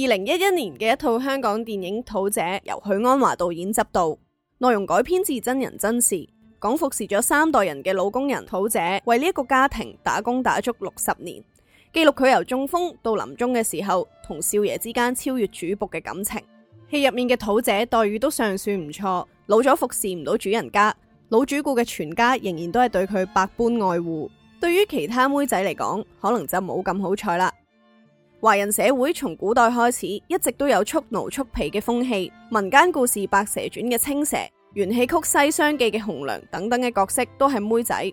二零一一年嘅一套香港電影《桃姐》，由許鞍華導演執導，內容改編自真人真事，講服侍咗三代人嘅老工人桃姐，為呢一個家庭打工打足六十年，記錄佢由中風到臨終嘅時候，同少爺之間超越主僕嘅感情。戲入面嘅桃姐待遇都尚算唔錯，老咗服侍唔到主人家，老主顧嘅全家仍然都係對佢百般愛護。對於其他妹仔嚟講，可能就冇咁好彩啦。華人社會從古代開始一直都有蓄奴蓄婢嘅風氣，民間故事《白蛇傳》嘅青蛇、元曲《西廂記》嘅紅娘等等嘅角色都係妹仔。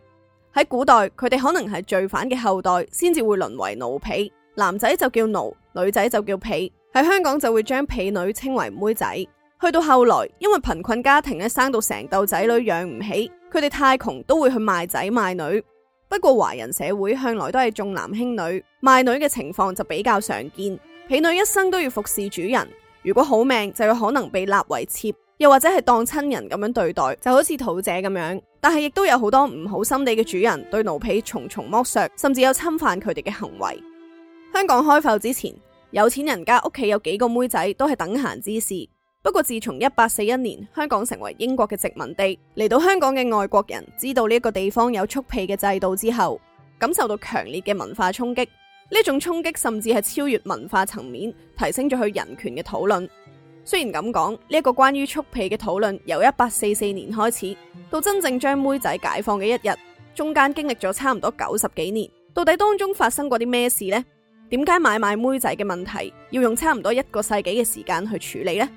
喺古代，佢哋可能係罪犯嘅後代，先至會淪為奴婢。男仔就叫奴，女仔就叫婢。喺香港就會將婢女稱為妹仔。去到後來，因為貧困家庭咧生到成竇仔女養唔起，佢哋太窮都會去賣仔賣女。不過華人社會向來都係重男輕女，賣女嘅情況就比較常見。婢女一生都要服侍主人，如果好命就有可能被納為妾，又或者係當親人咁樣對待，就好似桃姐咁樣。但係亦都有好多唔好心地嘅主人對奴婢重重剝削，甚至有侵犯佢哋嘅行為。香港開埠之前，有錢人家屋企有幾個妹仔都係等閒之事。不過自從一八四一年香港成為英國嘅殖民地，嚟到香港嘅外國人知道呢一個地方有蓄婢嘅制度之後，感受到強烈嘅文化衝擊。呢種衝擊甚至係超越文化層面，提升咗去人權嘅討論。雖然咁講，呢一個關於蓄婢嘅討論由一八四四年開始到真正將妹仔解放嘅一日，中間經歷咗差唔多九十幾年。到底當中發生過啲咩事呢？點解買賣妹仔嘅問題要用差唔多一個世紀嘅時間去處理呢？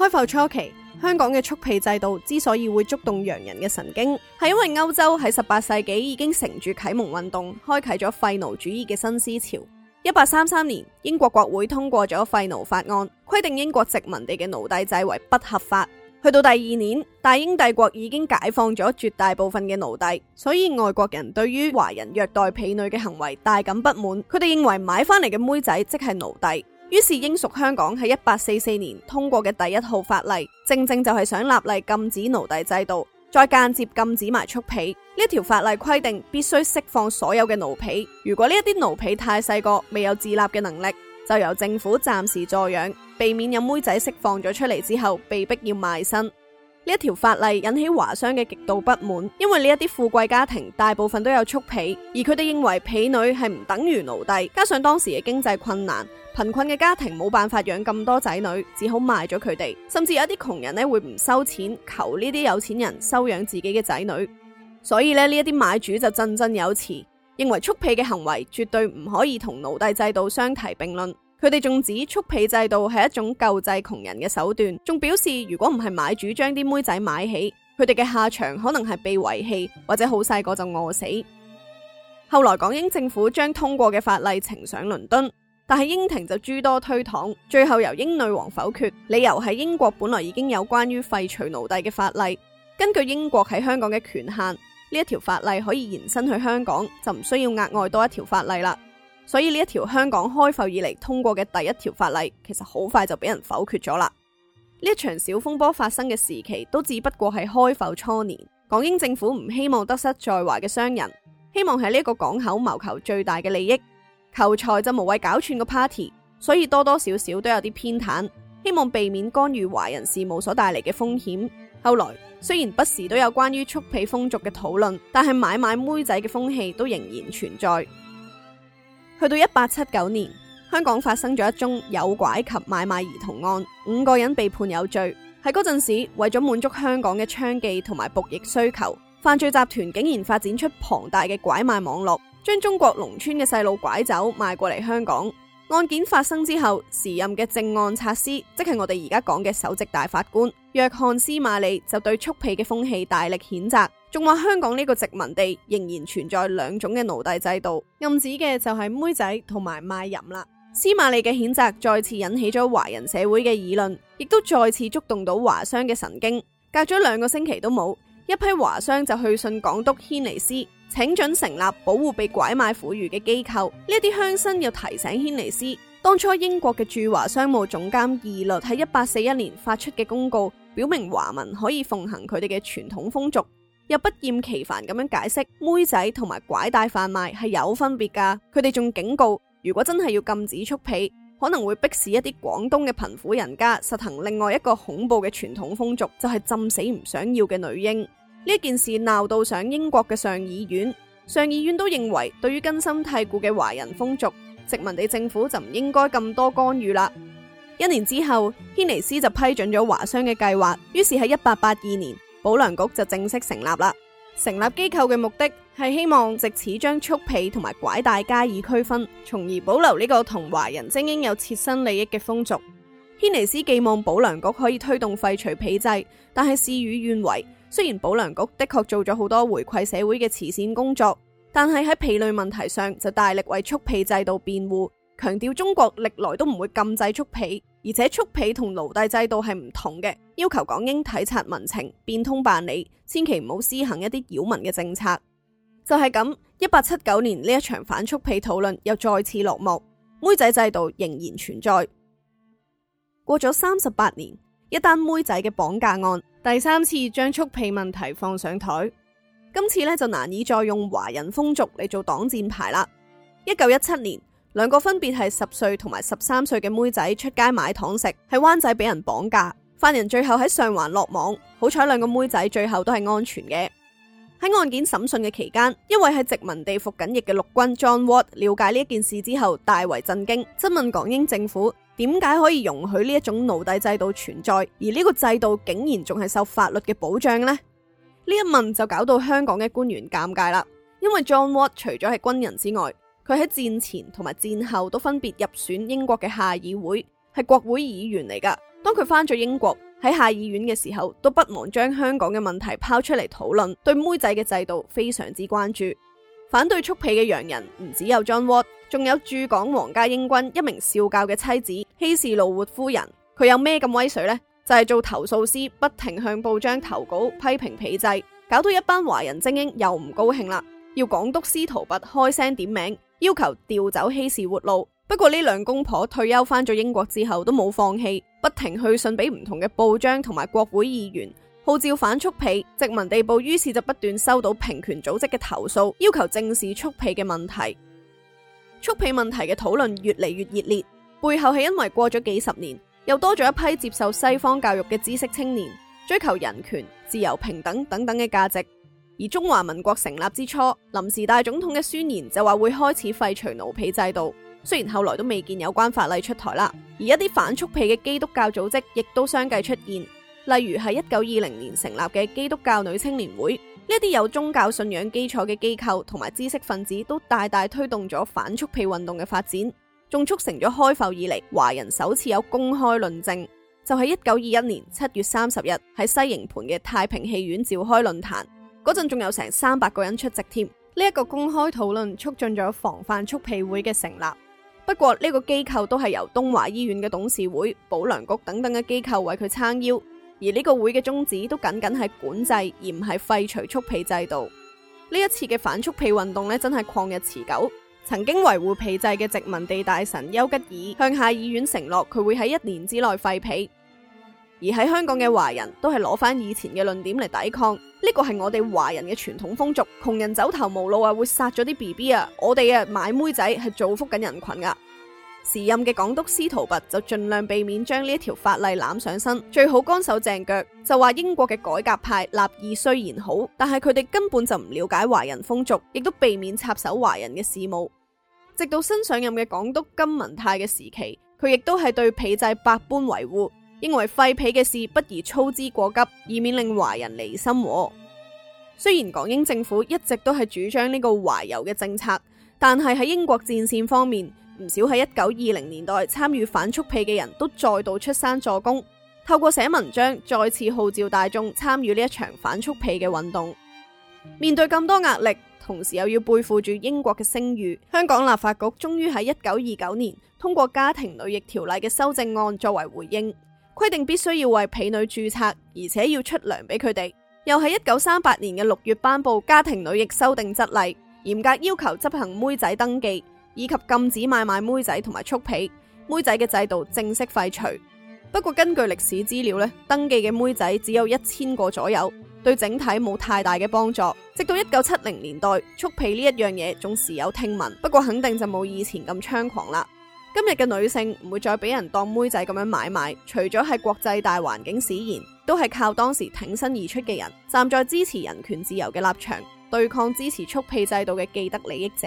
開埠初期，香港嘅蓄婢制度之所以會觸動洋人嘅神經，係因為歐洲喺十八世紀已經乘住啟蒙運動，開啟咗廢奴主義嘅新思潮。一八三三年，英國國會通過咗廢奴法案，規定英國殖民地嘅奴隸制為不合法。去到第二年，大英帝國已經解放咗絕大部分嘅奴隸，所以外國人對於華人虐待婢女嘅行為大感不滿。佢哋認為買翻嚟嘅妹仔即係奴隸。於是英屬香港喺一八四四年通過嘅第一號法例，正正就係想立例禁止奴隸制度，再間接禁止埋蓄婢。呢一條法例規定，必須釋放所有嘅奴婢。如果呢一啲奴婢太細個，未有自立嘅能力，就由政府暫時助養，避免有妹仔釋放咗出嚟之後，被逼要賣身。一條法例引起華商嘅極度不滿，因為呢一啲富貴家庭大部分都有蓄婢，而佢哋認為婢女係唔等於奴隸。加上當時嘅經濟困難，貧困嘅家庭冇辦法養咁多仔女，只好賣咗佢哋，甚至有一啲窮人呢會唔收錢求呢啲有錢人收養自己嘅仔女。所以呢，呢一啲買主就振振有詞，認為蓄婢嘅行為絕對唔可以同奴隸制度相提並論。佢哋仲指蓄婢制度係一種救濟窮人嘅手段，仲表示如果唔係買主將啲妹仔買起，佢哋嘅下場可能係被遺棄或者好細個就餓死。後來港英政府將通過嘅法例呈上倫敦，但係英廷就諸多推搪，最後由英女王否決，理由係英國本來已經有關於廢除奴隸嘅法例，根據英國喺香港嘅權限，呢一條法例可以延伸去香港，就唔需要額外多一條法例啦。所以呢一條香港開埠以嚟通過嘅第一條法例，其實好快就俾人否決咗啦。呢一場小風波發生嘅時期，都只不過係開埠初年。港英政府唔希望得失在華嘅商人，希望喺呢個港口謀求最大嘅利益。求財就無謂搞串個 party，所以多多少少都有啲偏袒，希望避免干預華人事務所帶嚟嘅風險。後來雖然不時都有關於蓄婢風俗嘅討論，但係買買妹仔嘅風氣都仍然存在。去到一八七九年，香港發生咗一宗誘拐及買賣兒童案，五個人被判有罪。喺嗰陣時，為咗滿足香港嘅娼妓同埋僕役需求，犯罪集團竟然發展出龐大嘅拐賣網絡，將中國農村嘅細路拐走賣過嚟香港。案件發生之後，時任嘅正按察司，即係我哋而家講嘅首席大法官約翰斯馬利，就對蓄婢嘅風氣大力譴責。仲話香港呢個殖民地仍然存在兩種嘅奴隸制度，暗指嘅就係妹仔同埋賣淫啦。司馬利嘅譴責再次引起咗華人社會嘅議論，亦都再次觸動到華商嘅神經。隔咗兩個星期都冇，一批華商就去信港督軒尼詩請准成立保護被拐賣婦孺嘅機構。呢啲鄉紳又提醒軒尼詩，當初英國嘅駐華商務總監義律喺一八四一年發出嘅公告，表明華民可以奉行佢哋嘅傳統風俗。又不厭其煩咁樣解釋，妹仔同埋拐帶販賣係有分別噶。佢哋仲警告，如果真係要禁止蓄婢，可能會迫使一啲廣東嘅貧苦人家實行另外一個恐怖嘅傳統風俗，就係浸死唔想要嘅女嬰。呢件事鬧到上英國嘅上議院，上議院都認為對於根深蒂固嘅華人風俗，殖民地政府就唔應該咁多干預啦。一年之後，軒尼詩就批准咗華商嘅計劃，於是喺一八八二年。保良局就正式成立啦。成立機構嘅目的係希望借此將蓄婢同埋拐帶加以區分，從而保留呢個同華人精英有切身利益嘅風俗。軒尼斯寄望保良局可以推動廢除婢制，但係事與願違。雖然保良局的確做咗好多回饋社會嘅慈善工作，但係喺婢類問題上就大力為蓄婢制度辯護，強調中國歷來都唔會禁制蓄婢。而且，蓄婢同奴隸制度係唔同嘅，要求港英體察民情，變通辦理，千祈唔好施行一啲擾民嘅政策。就係、是、咁，一八七九年呢一場反蓄婢討論又再次落幕，妹仔制度仍然存在。過咗三十八年，一單妹仔嘅綁架案，第三次將蓄婢問題放上台。今次呢就難以再用華人風俗嚟做擋箭牌啦。一九一七年。兩個分別係十歲同埋十三歲嘅妹仔出街買糖食，喺灣仔俾人綁架，犯人最後喺上環落網。好彩兩個妹仔最後都係安全嘅。喺案件審訊嘅期間，一位喺殖民地服緊役嘅陸軍 John Ward 了解呢一件事之後，大為震驚，質問港英政府點解可以容許呢一種奴隸制度存在，而呢個制度竟然仲係受法律嘅保障呢？呢一問就搞到香港嘅官員尷尬啦，因為 John Ward 除咗係軍人之外。佢喺戰前同埋戰後都分別入選英國嘅下議會，係國會議員嚟㗎。當佢返咗英國喺下議院嘅時候，都不忘將香港嘅問題拋出嚟討論，對妹仔嘅制度非常之關注。反對蓄婢嘅洋人唔止有 John Ward，仲有駐港皇家英軍一名少校嘅妻子希士路活夫人。佢有咩咁威水呢？就係、是、做投訴師，不停向報章投稿批評婢制，搞到一班華人精英又唔高興啦，要港督司徒拔，拔開聲點名。要求調走稀事活路。不過呢兩公婆退休翻咗英國之後都冇放棄，不停去信俾唔同嘅報章同埋國會議員，號召反速皮殖民地報。於是就不斷收到平權組織嘅投訴，要求正視速皮嘅問題。速皮問題嘅討論越嚟越熱烈，背後係因為過咗幾十年，又多咗一批接受西方教育嘅知識青年，追求人權、自由、平等等等嘅價值。而中華民國成立之初，臨時大總統嘅宣言就話會開始廢除奴婢制度。雖然後來都未見有關法例出台啦。而一啲反蓄婢嘅基督教組織亦都相繼出現，例如係一九二零年成立嘅基督教女青年會。呢啲有宗教信仰基礎嘅機構同埋知識分子都大大推動咗反蓄婢運動嘅發展，仲促成咗開埠以嚟華人首次有公開論政，就喺一九二一年七月三十日喺西營盤嘅太平戲院召開論壇。嗰陣仲有成三百個人出席添，呢、這、一個公開討論促進咗防範蓄婢會嘅成立。不過呢個機構都係由東華醫院嘅董事會、保良局等等嘅機構為佢撐腰，而呢個會嘅宗旨都僅僅係管制而唔係廢除蓄婢制度。呢一次嘅反蓄婢運動咧，真係曠日持久。曾經維護婢制嘅殖民地大臣丘吉爾向下議院承諾，佢會喺一年之內廢婢。而喺香港嘅華人都係攞翻以前嘅論點嚟抵抗，呢個係我哋華人嘅傳統風俗。窮人走投無路啊，會殺咗啲 BB 啊，我哋啊買妹仔係造福緊人群噶。時任嘅港督司徒拔拔就盡量避免將呢一條法例攬上身，最好乾手淨腳，就話英國嘅改革派立意雖然好，但係佢哋根本就唔了解華人風俗，亦都避免插手華人嘅事務。直到新上任嘅港督金文泰嘅時期，佢亦都係對婢制百般維護。認為廢婢嘅事不宜操之過急，以免令華人離心。雖然港英政府一直都係主張呢個懷柔嘅政策，但係喺英國戰綫方面，唔少喺一九二零年代參與反蓄婢嘅人都再度出山助攻，透過寫文章再次號召大眾參與呢一場反蓄婢嘅運動。面對咁多壓力，同時又要背負住英國嘅聲譽，香港立法局終於喺一九二九年通過家庭女役條例嘅修正案作為回應。規定必須要為婢女註冊，而且要出糧俾佢哋。又喺一九三八年嘅六月頒布《家庭女役修訂則例》，嚴格要求執行妹仔登記，以及禁止買賣妹仔同埋蓄婢。妹仔嘅制度正式廢除。不過根據歷史資料咧，登記嘅妹仔只有一千個左右，對整體冇太大嘅幫助。直到一九七零年代，蓄婢呢一樣嘢仲時有聽聞，不過肯定就冇以前咁猖狂啦。今日嘅女性唔會再俾人當妹仔咁樣買賣，除咗係國際大環境使然，都係靠當時挺身而出嘅人，站在支持人權自由嘅立場，對抗支持蓄婢制度嘅既得利益者。